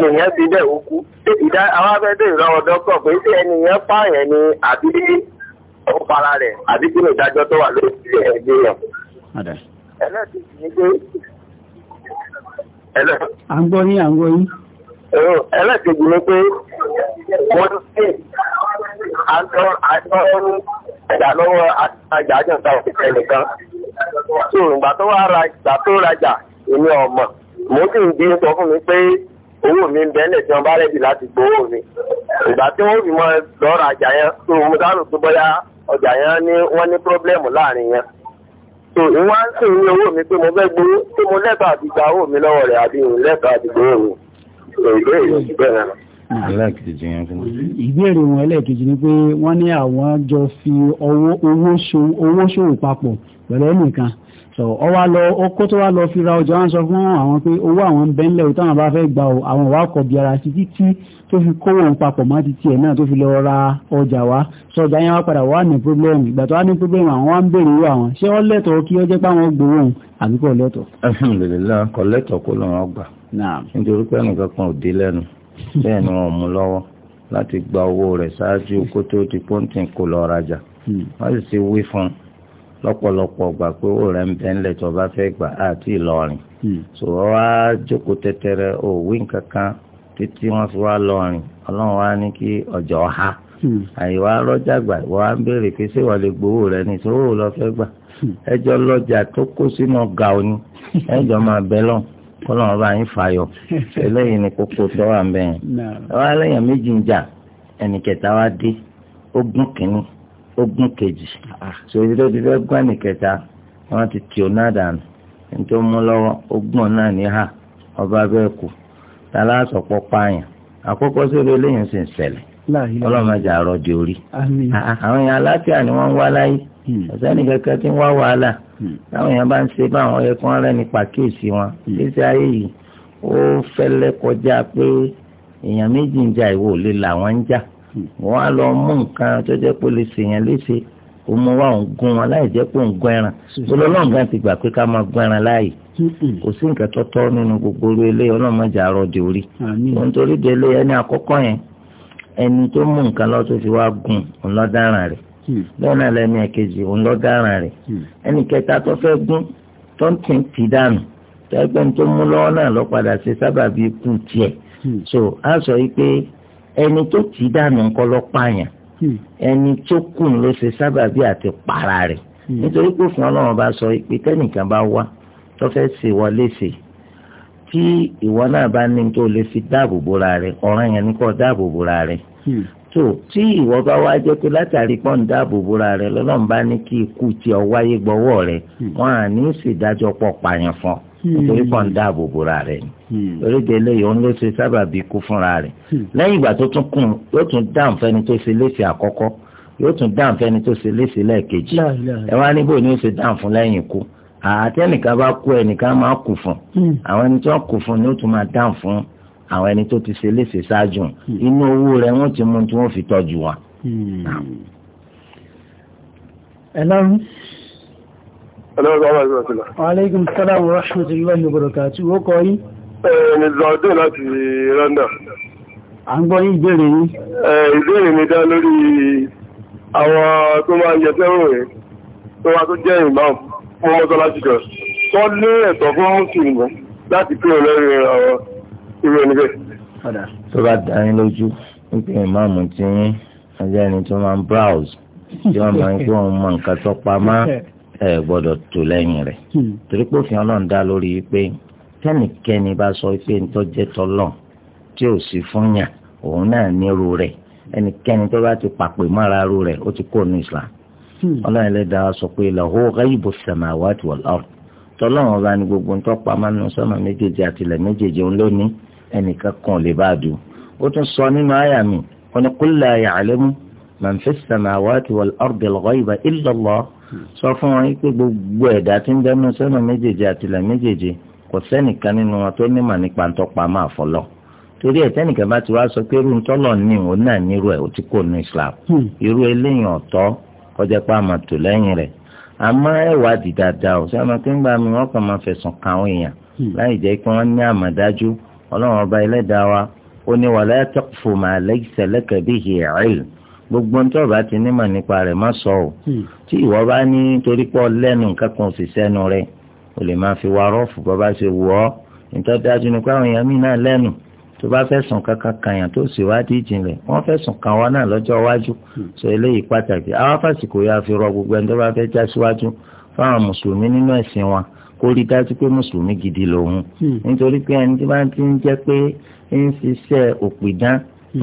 ènìyàn ti bẹ́ẹ̀ ó ìdá àwọn abẹ́dẹ̀ ìlọ́wọ́ dọ́kítọ̀ pé ṣé ènìyàn pààyàn ni àbí ó para rẹ̀ àbí kí ni ìdájọ́ tó wà lórí ilé ẹgbẹ́ yẹn. ẹlẹ́sìn ni pé à ń yín à yín. ẹlẹ́kejì ni pé wọ́n ṣe àjọ àjọ ẹ̀dà lọ́wọ́ àjọ àjọ ìta òkúta ẹnìkan so ìgbà tó wá ra ìgbà tó rajà èmi ọmọ mo sì ń bí sọ fún mi pé owó mi ń bẹ́ẹ̀lẹ̀ tí wọ́n bá rẹ̀dì láti gbowó mi ìgbà tí wọ́n fi mọ lọ́ọ́ rajà yẹn so mo dárò tó bọ́yá ọjà yẹn ni wọ́n ní pírọ́blẹ́mù láàrin yẹn so ìwọ́n sì ní owó mi pé mo fẹ́ gbowó tí mo lẹ́tọ̀ọ́ àti gba owó mi lọ́wọ́ rẹ̀ àbí ìrìn lẹ́tọ̀ọ́ àti gbowó mi ìbéèrè yìí bẹ́ẹ̀ náà ìbéèrè wọn ẹlẹ́ẹ̀kejì ni pé wọ́n ní àwọn jọ fi owó ṣòwò papọ̀ pẹ̀lú ẹnìkan sọ ọ wá lọ ọkọ tó wá lọ fi ra ọjà wọn sọ fún àwọn pé owó àwọn ń bẹ́ńlẹ̀ o táwọn bá fẹ́ gbà o àwọn wá kọ̀ bí ara sí títí tó fi kówó ń papọ̀ mọ́ ti tiẹ̀ náà tó fi lọ ra ọjà wá sọ ọjà yẹn wá padà wá ní pírọ́blẹ́mù ìgbà tó wá ní pírọ́blẹ́mù àwọn wá ń béèrè owó àwọn ṣé ó lẹ́tọ̀ọ́ kí ó jẹ́ pé àwọn gbowó òun àbí kò lẹ́tọ̀ọ́. alhamdulilayi <laughs> lọ́pọ̀lọpọ̀ gbà pé ó rẹ̀ ń bẹ́ ńlẹ̀ tó bá fẹ́ gbà àti ìlọrin hmm. so wá jókòó tẹ́tẹ́rẹ́ òwí nǹkan kan títí wọ́n fi wá lọ́rin ọlọ́run wá ní kí ọjọ́ ha hmm. àyíwá rọ́jà gbà wọ́n á ń béèrè pé ṣé wọ́n lè gbowó rẹ̀ ní tó ó lọ fẹ́ gbà hmm. ẹjọ́ lọ́jà tó kó sínú ọ̀gá òní <laughs> ẹjọ́ máa bẹ́ lọ́n kọ́lọ́run bá yín fàyọ̀ <laughs> eléyìí ni kókó tó wà ń bẹ̀yẹn wọ́n á lẹ́yìn méjì ń jà ẹnì kẹta wá dé ó gún kínní ogun kejì ah, so ibi ti fẹ́ gbọ́n nìkẹta wọ́n ti tì ó náà dànù nítorí mú lọ́wọ́ ogun náà ní ọba bẹ́ẹ̀ ẹkụ. tàlá àsọ̀pọ̀ pààyàn àkọ́kọ́ sórí eléyìí sì ń ṣẹlẹ̀ ọlọ́mọdé àrọ̀ di orí ah, ah, àwọn èèyàn aláfíà ni wọ́n ń wá láyé ọ̀sẹ́ni hmm. tí ń wá hmm. bá ń ṣe ẹ̀kọ́ rẹ̀ wọn kéèsì hmm. ayé yìí ó fẹ́lẹ́ kọjá pé èèyàn méjì ń jà ìwò wọ́n á lọ mú nǹkan tó jẹ́ pé lè ṣèyàn léṣe òun wa òun gun wọn láì pé gun ẹran olólùgbọ́n ti gbà pé ká máa gun ẹran láàyè nínú gbogbo orí eléyìí ọlọ́mọdé àárọ̀ di orí òun torí eléyìí ẹni àkọ́kọ́ yẹn ẹni tó mú nǹkan lọ tó fi wá gun rẹ̀ mm. lọ́nà ẹ̀kejì rẹ̀ mm. ẹni kẹta tó fẹ́ lọ padà ṣe sábàbí ikú tiẹ̀ mm. so á sọ yìí pé ẹni tó tì í dànù ńkọ́ ló pààyàn hmm. ẹni tó kù ló ṣe sábàbí àti para rẹ̀ hmm. nítorí pé fún ọlọ́run bá sọ pé tẹ́nìkan bá wá tó fẹ́ ṣe wọ léṣe tí ìwọ náà bá ní tó lè fi dáàbò bora rẹ̀ ọ̀ràn yẹn ní kò dáàbò bora rẹ̀ tó hmm. tí ìwọ bá wá jẹ́ pé látàrí pọ́n dáàbò bora rẹ̀ lọ́lọ́run bá ní kí ikú tí ọ wáyé gbọ́wọ́ rẹ̀ wọ́n á ní ìṣèdájọ́ pọ̀ pààyàn fún ọ. Hmm. nítorí kan dáàbò bora rẹ̀ hmm. oríṣi eléyìí òun ló ṣe sábà bíi kú fúnra rẹ̀ hmm. lẹ́yìn ìgbà tó tún kùn yóò tún dáhùn fẹ́ni tó ṣe léṣe àkọ́kọ́ yóò tún dáhùn fẹ́ni tó ṣe léṣe lẹ́ẹ̀kejì ẹ wá níbo ni ó ṣe dáhùn fún lẹ́yìn ikú àtẹnìkan bá kú ẹnìkan máa kù fún àwọn ẹni tó kù fún ni ó tún máa dáhùn fún àwọn ẹni tó ti ṣe léṣe ṣáájú inú owó rẹ̀ wọ́n ti mú tí wọ́n fi tọ́jú wa. ẹ lọ́rùn. Aleykum salam wa rahmatullahi wa barakatuh. Ó kọ yí? Ẹni Zọdún láti Rọ́ndà. A ń gbọ́ yí ìbéèrè yí. Ìbéèrè mi dá lórí àwọn tó máa ń yẹ sẹ́wọ̀n rẹ̀ tó wá tó jẹ́ ìmáàmù fún mọ́sálásí jọ. Tó lé ẹ̀tọ́ fún Mùsùlùmí láti kúrò lẹ́rìn àwọn irú ẹni bẹ́ẹ̀. Tó bá dá yín lójú, wípé ìmáàmù ti yín, ẹjẹ́ ẹni tó máa ń browse, tí wọ́n máa ń kí wọ́n mọ nǹkan tó pamọ́. <laughs> ẹ gbọ́dọ̀ tó lẹ́yìn rẹ̀ hmm. torí pé òfin Ọlọ́run dá lórí pé tẹnikẹ́ni bá sọ pé ntọjẹ tọlọ tí ò sí fún yàn òun náà nírú rẹ̀ ẹnikẹ́ni tó bá ti pàpè mọ́ra rú rẹ̀ ó ti kó nu Islam hmm. Ọlọ́run Ẹlẹ́dàá sọ pé lahu ghaibu samawati wal ard tọlọ́run ọba ni gbogbo ntọ pamanu sọmọ méjèèjì àtìlẹ̀ méjèèjì òun lónìí ẹnìkan kan lè bá dùn ó tún sọ nínú àyà mi wọn ni qul la ya'lamu man fis samawati sọ fún wọn pé gbogbo ẹ̀dá tí ń bẹ́nu sẹ́nu méjèèjì àtìlẹ̀ méjèèjì kò sẹ́nìkan nínú wọn tó nímọ̀ nípa ń tọ́pa máa fọlọ́ torí ẹ̀ tẹ́nìkan bá ti wá sọ pé irú ntọ́lọ̀ ní òun náà nírú ẹ̀ ó ti kó nu Islam hmm. irú eléyìí ọ̀tọ̀ kọjá pé àmọ̀ tó lẹ́yìn rẹ̀ àmọ́ ẹ̀wà dì dáadáa ò sẹ́wọ́n pé ńgbà mi wọ́n kàn máa fẹ̀sùn kàn àwọn èèyàn hmm. láì jẹ́ pé wọ́n ní àmọ̀dájú ọlọ́run ọba ẹlẹ́dàá wa ó ní wàlẹ́ tẹ́kùfù màálẹ́ ìṣẹ̀lẹ́kẹ̀ bíi hìrẹ́lì gbogbo ntọ́ bá ti nímọ̀ nípa rẹ̀ má sọ ọ́ hmm. tí ìwọ bá ní torí pọ̀ lẹ́nu nǹkan kan sì sẹ́nu rẹ̀ o lè máa fi wá rọ́ọ̀fù bọ́ bá ṣe wù ọ́ ntọ́ dájú ni pé àwọn èèyàn mí náà lẹ́nu tó bá fẹ̀sùn kankan kàyàn tó sì wádìí ìjìnlẹ̀ wọ́n fẹ̀sùn kàn wá náà lọ́jọ́ iwájú hmm. sọ eléyìí pàtàkì àwọn fásitì já fi rọ gbogbo ẹni tó bá fẹ́ já síwájú fáwọn mùsùlùmí nínú ẹ̀sìn wọn kó rí dájú pé mùsùlùmí gidi lòun hmm. nítorí pé ẹni tí wọ́n ti ń jẹ́ pé ń ṣiṣẹ́ òpìdán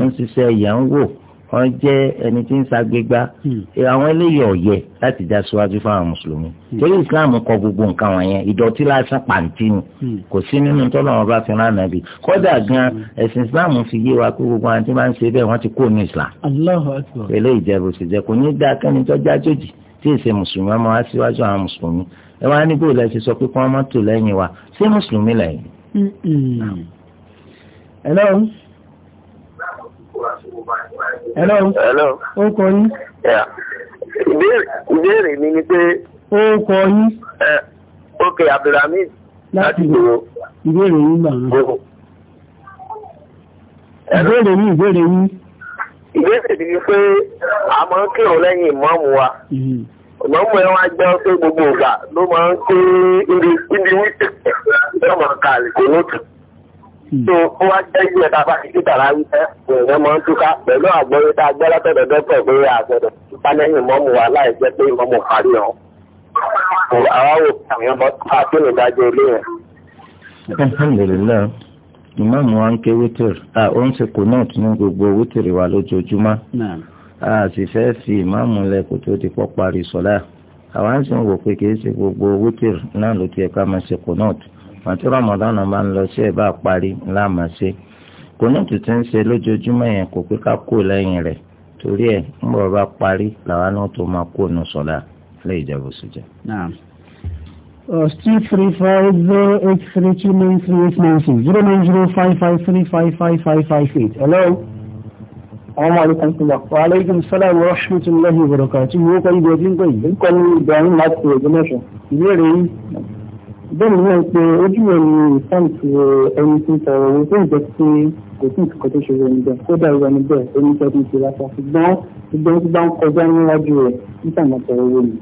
ń ṣiṣẹ́ yẹn ń wò wọ́n jẹ́ ẹni tí ń ṣàgbégbá hmm. àwọn eléyìí ọ̀yẹ́ láti dá síwájú fáwọn mùsùlùmí hmm. torí islam kọ gbogbo nǹkan wọ̀nyẹn ìdọ̀tí lásán pàǹtí ni hmm. kò sí nínú tọ́lọ̀ wọn bá fi rán nàbì kódà gan ẹ̀sìn islam fi yé wa pé gbogbo àwọn tí wọ́n ń ṣe bẹ́ẹ̀ wọ́n ti kó ní islam eléyìí jẹ́ bó ṣe jẹ́ kò ní dáa kẹ́ni tó jájòjì tí èsè mùsùlùmí ọmọ wa síwájú àwọn mùsùlùmí ẹ wá nígbò lẹ ti sọ pé kí wọ́n mọ́tò lẹ́yìn wa ṣé mùsùlùmí lẹ́yìn. ẹ lọ́run. hello hello ó kọ yín. Ibeere mi ni pé. ok abdulhamid lati gbòòrò. Ibeere yín ma wọ́n. mi yín ìbéèrè ibeere mi ni pe a ma n kírun lẹ́yìn ìmọ̀ọ́mù wa mm-hmm. ìmọ̀ọ́mù ẹ̀ wá jẹ́ pe gbogbo ìgbà lo ma ka tó ó wá jẹ́ ilé ẹ̀ta pàṣẹ títà láwí tẹ́ èèyàn máa ń túká pẹ̀lú àgbọ̀yé tá a gbọ́ látọ̀dọ̀ dọ́tọ̀ pé àgbẹ̀dọ̀ túká lẹ́yìn mọ́mù wa láì jẹ́ pé mọ́mù parí hàn àwa wò àwọn ọmọ tá a tó lè dájọ́ ilé yẹn. alhamdulilayi ìmáàmù wa ń ké wítìrì à ó ń ṣe kò náà tún ní gbogbo wítìrì wa lójoojúmọ́ a sì fẹ́ fi ìmáàmù lẹ kó tó ti pọ́ sọ́lá àwa ń wò pé kì í ṣe gbogbo wítìrì náà ló ti ẹ̀ka máa ṣe náà tún àti rọmọdánù máa ń lọ sí ẹ̀ bá parí láàmà ṣe kò ní tuntun ń ṣe lójoojúmọ́ yẹn kò pé ká kó lẹ́yìn rẹ̀ torí ẹ̀ ń bọ̀ bá parí làwọn náà tó máa kó nu sọ̀dá lẹ́yìn ìjẹ́bù sójà. still three five zero eight three two nine three eight nine six zero nine zero five five three five five five five eight hello. Àwọn àlùkò ìpínlẹ̀ wa aleykum salaam wa rahmatulahi wa barakatuh. Mo kọ́ ibi ẹbí ń pè yìí. Ń kọ́ ní Ibrahim láti Ẹ̀gbẹ́ Mẹ́sàn. Ìbéèrè yìí bẹ́ẹ̀ni náà pé ojú rẹ̀ ni ìsáǹtì ẹni tó sọ̀rọ̀ owó tó ń jẹ́ pé kò sí ìkọ̀kọ̀ tó ṣòro níbẹ̀ tó dàrú ẹni bẹ́ẹ̀ ẹni tó ti ṣe lásán ṣùgbọ́n ṣùgbọ́n tó bá ń kọjá níwájú rẹ̀ nígbà máa sọ̀rọ̀ owó ni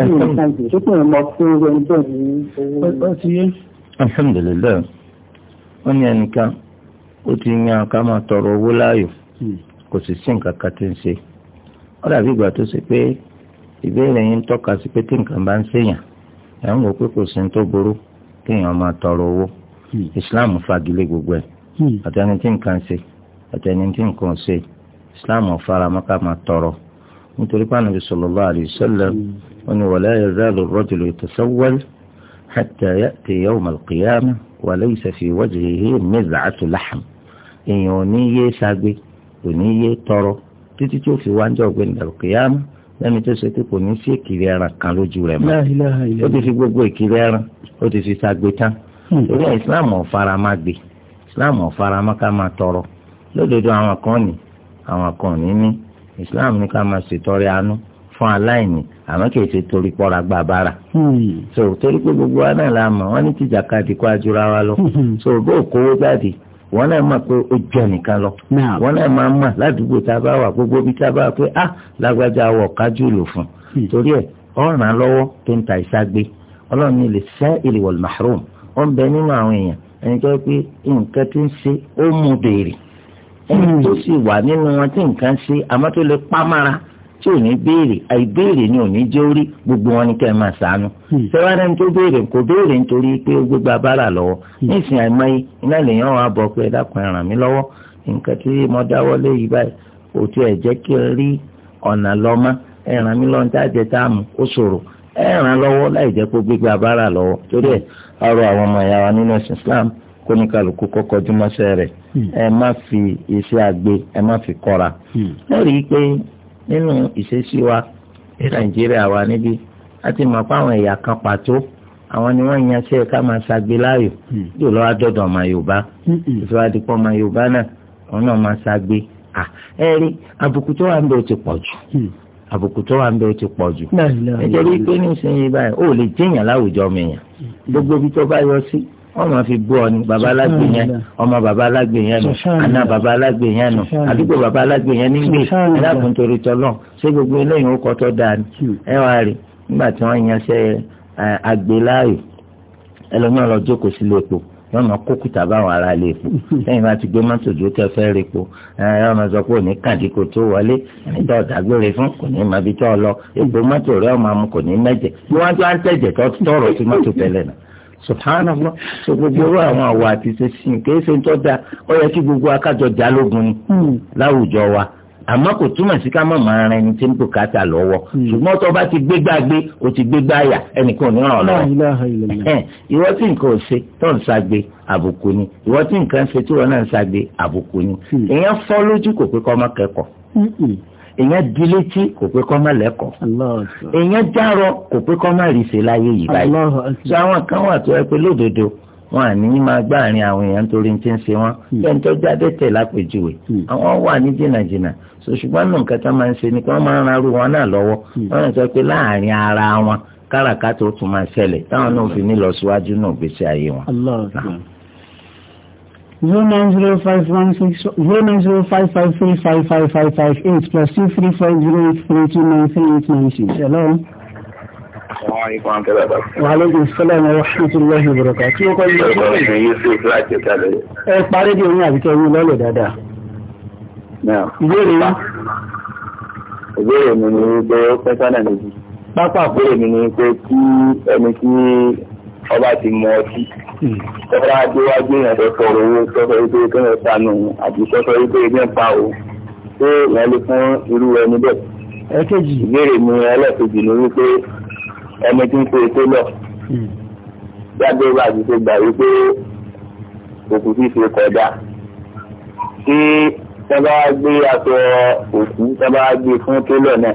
ojú rẹ̀ ìsáǹtì ṣé kò mọ fún orí ẹni bẹ́ẹ̀ ní owó ni. alhamdulilayi wọn ní ẹnìkan ó ti yan ká máa tọrọ owó láàyò kò sì sí nǹkan kan tí ń ṣe ó dàbí ìgbà tó ṣe pé ìbéèrè yín tọ́ka sí pé tí nǹkan bá ń ẹ̀ ń wò pé kò sí ní tó burú kéèyàn máa tọrọ owó hmm. islam fagilé gbogbo ẹ̀ hmm. àtẹni tí nǹkan ṣe àtẹni tí nǹkan ṣe islam ọ̀faramọ́ká máa tọrọ nítorí pàánù bí sallallahu alayhi wa sallam ó ní wala yazalu ar-rajulu yatasawwal hatta ya'ti yawm al-qiyamah wa èèyàn ò ní yé sagbe ò ní yé tọrọ títí tí ó fi wájú ọ̀gbìn al lẹ́ni tó ṣe pé kò ní sí èkìrí ẹran kan lójú rẹ̀ mọ́ ó ti fi gbogbo èkìrí ẹran ó ti fi sagbe tán hmm. torí ẹ̀ islam ọ̀fara má gbé islam ọ̀fara má ká máa tọrọ lódodo àwọn kan ní àwọn kan ní ní islam ní ká máa ṣètọrẹ àánú fún aláìní àmọ́ kì í ṣe torí pọ́ra gba bára. Hmm. so torí pé gbogbo wa náà la mọ̀ wọ́n ní tìjàkadì kó ajura wa lọ hmm. so bó kówó jáde wọn náà mọ̀ pé ó jẹ́ nìkan lọ wọn náà máa mọ̀ ládùúgbò tá a bá wà gbogbo bí tá a bá wà pé ah lágbájá wọ̀ kájú lò fún hmm. torí ẹ̀ ọràn lọwọ tó ń ta ìságbé ọlọ́run ní lè sẹ́ ìrìwọ̀l mahrum ó ń bẹ nínú àwọn èèyàn ẹni tó pé nǹkan tí ń ṣe ó mú béèrè ẹni tó sì wà nínú wọn tí nǹkan ṣe àmọ́ tó lè pa mára tí ò ní béèrè àìbéèrè ni ò ní jẹ́ orí gbogbo wọn ni kẹ́ ẹ máa ṣàánú. sẹ́wádà hmm. ní tó béèrè kò béèrè nítorí pé ó gbégbá bára lọ́wọ́ hmm. níìsín àìmọye iná lèèyàn wà bọ̀ pé dákun ẹ ràn mí lọ́wọ́ nǹkan tí mo dáwọ́ lé yìí báyìí kò tí ẹ̀ jẹ́ kí n rí ọ̀nà lọ́mọ ẹ ràn mí lọ́n tá a jẹ tá a mú ó ṣòro ẹ lọ́wọ́ láì jẹ́ pé Islam kóníkàlùkù kọ́kọ́ dúmọ́sẹ́ rẹ̀ hmm. ẹ má fi iṣẹ́ àgbẹ̀ ẹ má fi kọ́ra. ẹ rí i pé nínú ìṣesí wa ní nàìjíríà wa níbí láti mọ̀ pé àwọn ẹ̀yà kan pàtó àwọn ni wọ́n yan sí ẹ̀ka máa ṣagbe láàyò yóò hmm. lọ́wọ́ dọ̀dọ̀ ọmọ yorùbá ìfowópamọ́ ọmọ yorùbá náà wọn náà máa ṣagbe ẹ rí àbùkù tó wà ń bẹ ó ti pọ̀ jù hmm. àbùkù tó wà ń bẹ ó ti pọ̀ jù nítorí pé nísìnyí báyìí ó lè jẹ́yàn láwùjọ mìíràn hmm. gbogbo ibi tó bá yọ sí wọ́n máa fi bú ọ ní baba alágbè yẹn ọmọ baba alágbè yẹn nù àná baba alágbè yẹn nù àdúgbò baba alágbè yẹn nígbè ẹlẹ́kùn torí tọ́lọ̀ ṣé gbogbo eléyìí ó kọ́tọ́ dáa ni hmm. ẹ wá rí nígbà tí wọ́n yan ṣe àgbéláyò ẹlòmíràn lọ jókòó sílé epo yọọ ma kó kùtà báwọn ará lè po hmm. lẹ́yìn bá ti gbé mọ́tò dúró tẹ fẹ́ rè po yọọ ma sọ pé òní kàdí kò tó wọlé níta ọ̀dàgbére fún kò ní ma bí tọ́ ọ lọ epo mọ́tò rẹ ọ̀ máa mu kò ní mẹ́jẹ̀ bí wọ́n ti wá ń tẹ̀jẹ̀ tọ́ tọ́rọ̀ sí mọ́tò tẹ́lẹ̀ náà subhanallah so gbogbo ọ̀rọ̀ àwọn àwọ àti sísìn kìí ṣe ń tọ́ da ó yẹ kí gbogbo akájọ jálógun ni hmm. láwùjọ wa àmọ́ kò túmọ̀ sí ká mọ̀ máa rin ẹni tí ń bùkátà lọ́wọ́ hmm. ṣùgbọ́n tó bá ti gbégbàgbé o ti gbégbáyà ẹnìkan ò ní ràn lọ́wọ́ ìwọ tí nǹkan ò ṣe tó ń ṣagbe àbùkù ni ìwọ tí nǹkan ṣe tí wọn náà ń ṣagbe àbùkù ni hmm. èèyàn fọ́ lójú kò pé kọ́ ọmọ kẹ́kọ̀ọ́ èèyàn di létí kò pé kọ́ má lẹ́kọ̀ọ́ èèyàn járọ kò pé kọ́ má rí ṣe láyé yìí báyìí ṣé àwọn kan wà tó ẹ pé lódodo wọn à ní máa gbáàrin àwọn èèyàn torí ti ń ṣe wọn bẹ́ẹ̀ hmm. tó jáde tẹ̀ lápèjúwe hmm. àwọn wà ní jìnnàjìnnà ṣùgbọ́n náà nǹkan tá máa ń ṣe ni pé wọ́n máa ń ra irú wọn náà lọ́wọ́ hmm. wọ́n náà sọ pé láàrin ara wọn káràkátà ó tún máa ṣẹlẹ̀ táwọn náà fi ní lọ síwájú náà gbèsè ayé wọn zero nine zero five one six zero nine zero five five three five five five five eight plus two three five zero eight three two nine three eight nine six. hello. Wa aleykum salaam wa rahmatullahi wa barakatuh. Kí o kọ́ yóò tó lè. Ẹ parí di oyún àbíkẹ́ yín lọ́lẹ̀ dáadáa. Ìbéèrè wa. Ìbéèrè mi ni pé ó pẹ́ sánà méjì. Pápá ìbéèrè mi ni pé kí ẹni ọba ti mọ ọtí tọ́fẹ́ adéwájú yẹn tó sọ̀rọ̀ owó tọ́fẹ́ wípé kí wọ́n sànù àti tọ́fẹ́ wípé kí pa o ṣé wọ́n lè fún irú ẹni bẹ́ẹ̀. ẹ̀kejì ìbéèrè mi ẹlẹ́kejì ni wípé ẹni tí ń pe ètò lọ hmm. jáde bá ti gbà wípé òkú ti ṣe kọjá tí wọ́n bá gbé aṣọ òkú wọ́n bá gbé fún télọ̀ náà.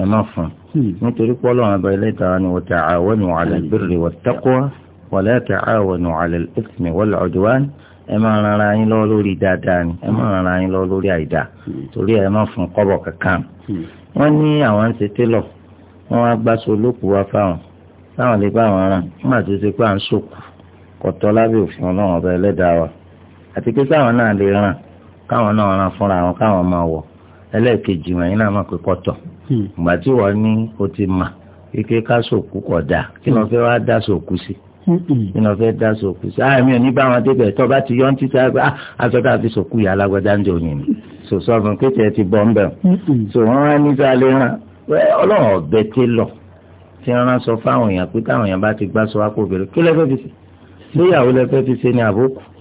ẹ má fún nítorí pọ́lọ́ àbá ẹlẹ́ta ni wa ta'awanu 'ala al-birri hmm. wat-taqwa wa la ta'awanu 'ala al-ithmi wal-'udwan ẹ máa ran ara yín lọ́wọ́ lórí dáadáa ni ẹ máa ran ara yín lọ́wọ́ lórí àìdáa hmm. torí ẹ má fún kọ́bọ̀ kankan. Hmm. wọ́n ní àwọn ń ṣe télọ̀ wọ́n wá gbáṣọ olókùú wá fáwọn táwọn lè bá àwọn ràn nígbà tó ṣe pé à ń ṣòkù kọ̀tọ́ lábẹ́ òfin ọlọ́run ọba Hmm. ìgbà tí wọ́n ní o ti mà kíkẹ ká sòkú kódà kí ló fẹ́ wá dá sòkú sí hmm. kí ló fẹ́ dá sòkú sí àmì ah, òní bá wọn débẹ̀ tó bá ti yọ ní títà bá ah, aṣọ́ká fi sòkú yà alágbádá ń jẹ òyìn ni sòsọ fún kékeré ti bọ́ ń bẹ̀ hmm. sò wọ́n wá ní sálẹ̀ hàn ọlọ́run ọ̀bẹ télọ̀ tí wọn sọ fáwọn èèyàn pé táwọn èèyàn bá ti gbá sọ wá kó bèrè kí lẹ fi ṣe ṣé ìyàwó fi ṣe ni àbókù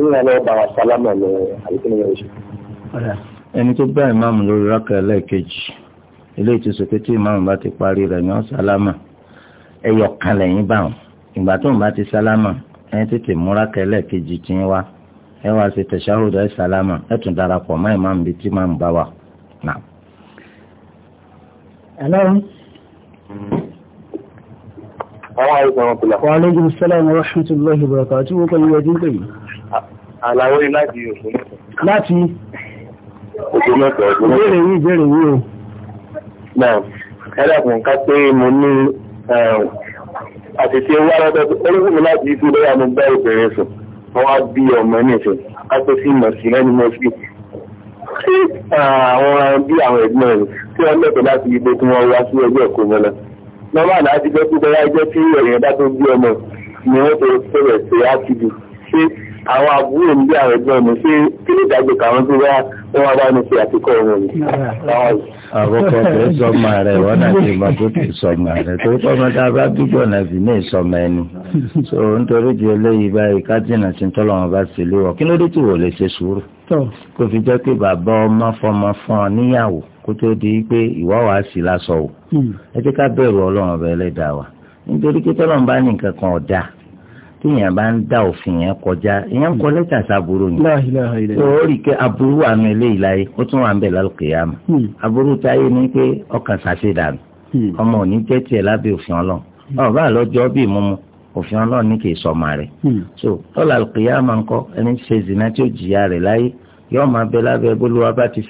ìyẹn lọ bá wa sálámà lọ àyíkí ni yẹn ẹni tó bá ìmáàmù lórí rákà ẹlẹ́ẹ̀kejì eléyìí tó sọ̀tẹ́ tí bá ti parí rẹ̀ ni wọ́n sálámà ẹyọ bá wọn ìgbà tó ń bá ti sálámà ẹni tètè mú rákà ẹlẹ́ẹ̀kejì tí ń wá ẹ wá sí tẹ̀síáhùdù ẹ sálámà ẹ tún darapọ̀ mọ́ ìmáàmù bíi tí ìmáàmù bá wà Àlàwé láti Ògbómọ̀ṣọ́. Láti Ògbómọ̀ṣọ́. Ìbéèrè yìí ìbéèrè yìí o. Náà, ẹlẹ́kùn ká pé mo ní àtẹ̀tẹ̀ wá lọ́dọ̀ tó ó wù mí láti ikú lọ́yà mo bá obìnrin sùn. Wọ́n wá bí ọmọ nìṣẹ́. Ká pé sí ìmọ̀ sí lẹ́nu mọ́ sí. Àwọn bí àwọn ẹ̀gbọ́n rẹ̀ tí wọ́n lẹ́tọ̀ọ́ láti ibo tí wọ́n wá sí ẹgbẹ́ ẹ̀kọ́ wọn lọ. Lọ́wọ́ àná àti jẹ́ pé bẹ́ẹ̀ jẹ́ kí ẹ̀yìn bá tó bí ọmọ ni wọ́n tó sọ̀rọ̀ sí ákìdù. Ṣé àwọn àbúrò ń bí àwọn ẹgbẹ́ mi ṣé kí ló dàgbé káwọn tó bá wọn wá bá mi ṣe àtikọ́ ọmọ mi. àkọ́kọ́ tó sọmọ rẹ̀ wọ́n náà ti mọ tó ti sọmọ rẹ̀ tó kọ́mọ tá a bá dúpọ̀ náà fi ní ìsọmọ ẹni. so nítorí di eléyìí báyìí kájínà ti ń tọ́lọ̀ wọn bá ṣe léwọ̀ kí ló dé tí wò lè ṣe sùúrù. kó fi jẹ́ pé bàbá ọmọ fọmọ fún ọ níyàwó kó tó di pé ìwà wàá sì lásọ̀ wò. Hmm. ẹ jẹ́ ká bẹ̀rù ọlọ́run ọ̀bẹ ẹlẹ́dàá wa nítorí pé tọ́lọ́ téèyàn bá ń dá òfin yẹn kọjá èèyàn kọ lẹ́tà sábúrò yìí lórí pé aburú àmì eléyìí láyé ó tún wà ń bẹ̀ lálùkìyàmù hmm. aburú táyé ni pé ọkàn ṣàṣedànù hmm. ọmọ òní jẹ́ tiẹ̀ lábẹ́ òfin ọlọ́run hmm. ọba àlọ́jọ́ bíi mímu òfin ọlọ́run ní kì í sọmọ rẹ̀ so lọ́la àlùkìyàmù ńkọ́ ẹni ṣe zina tí ó jìyà rẹ̀ láyé yóò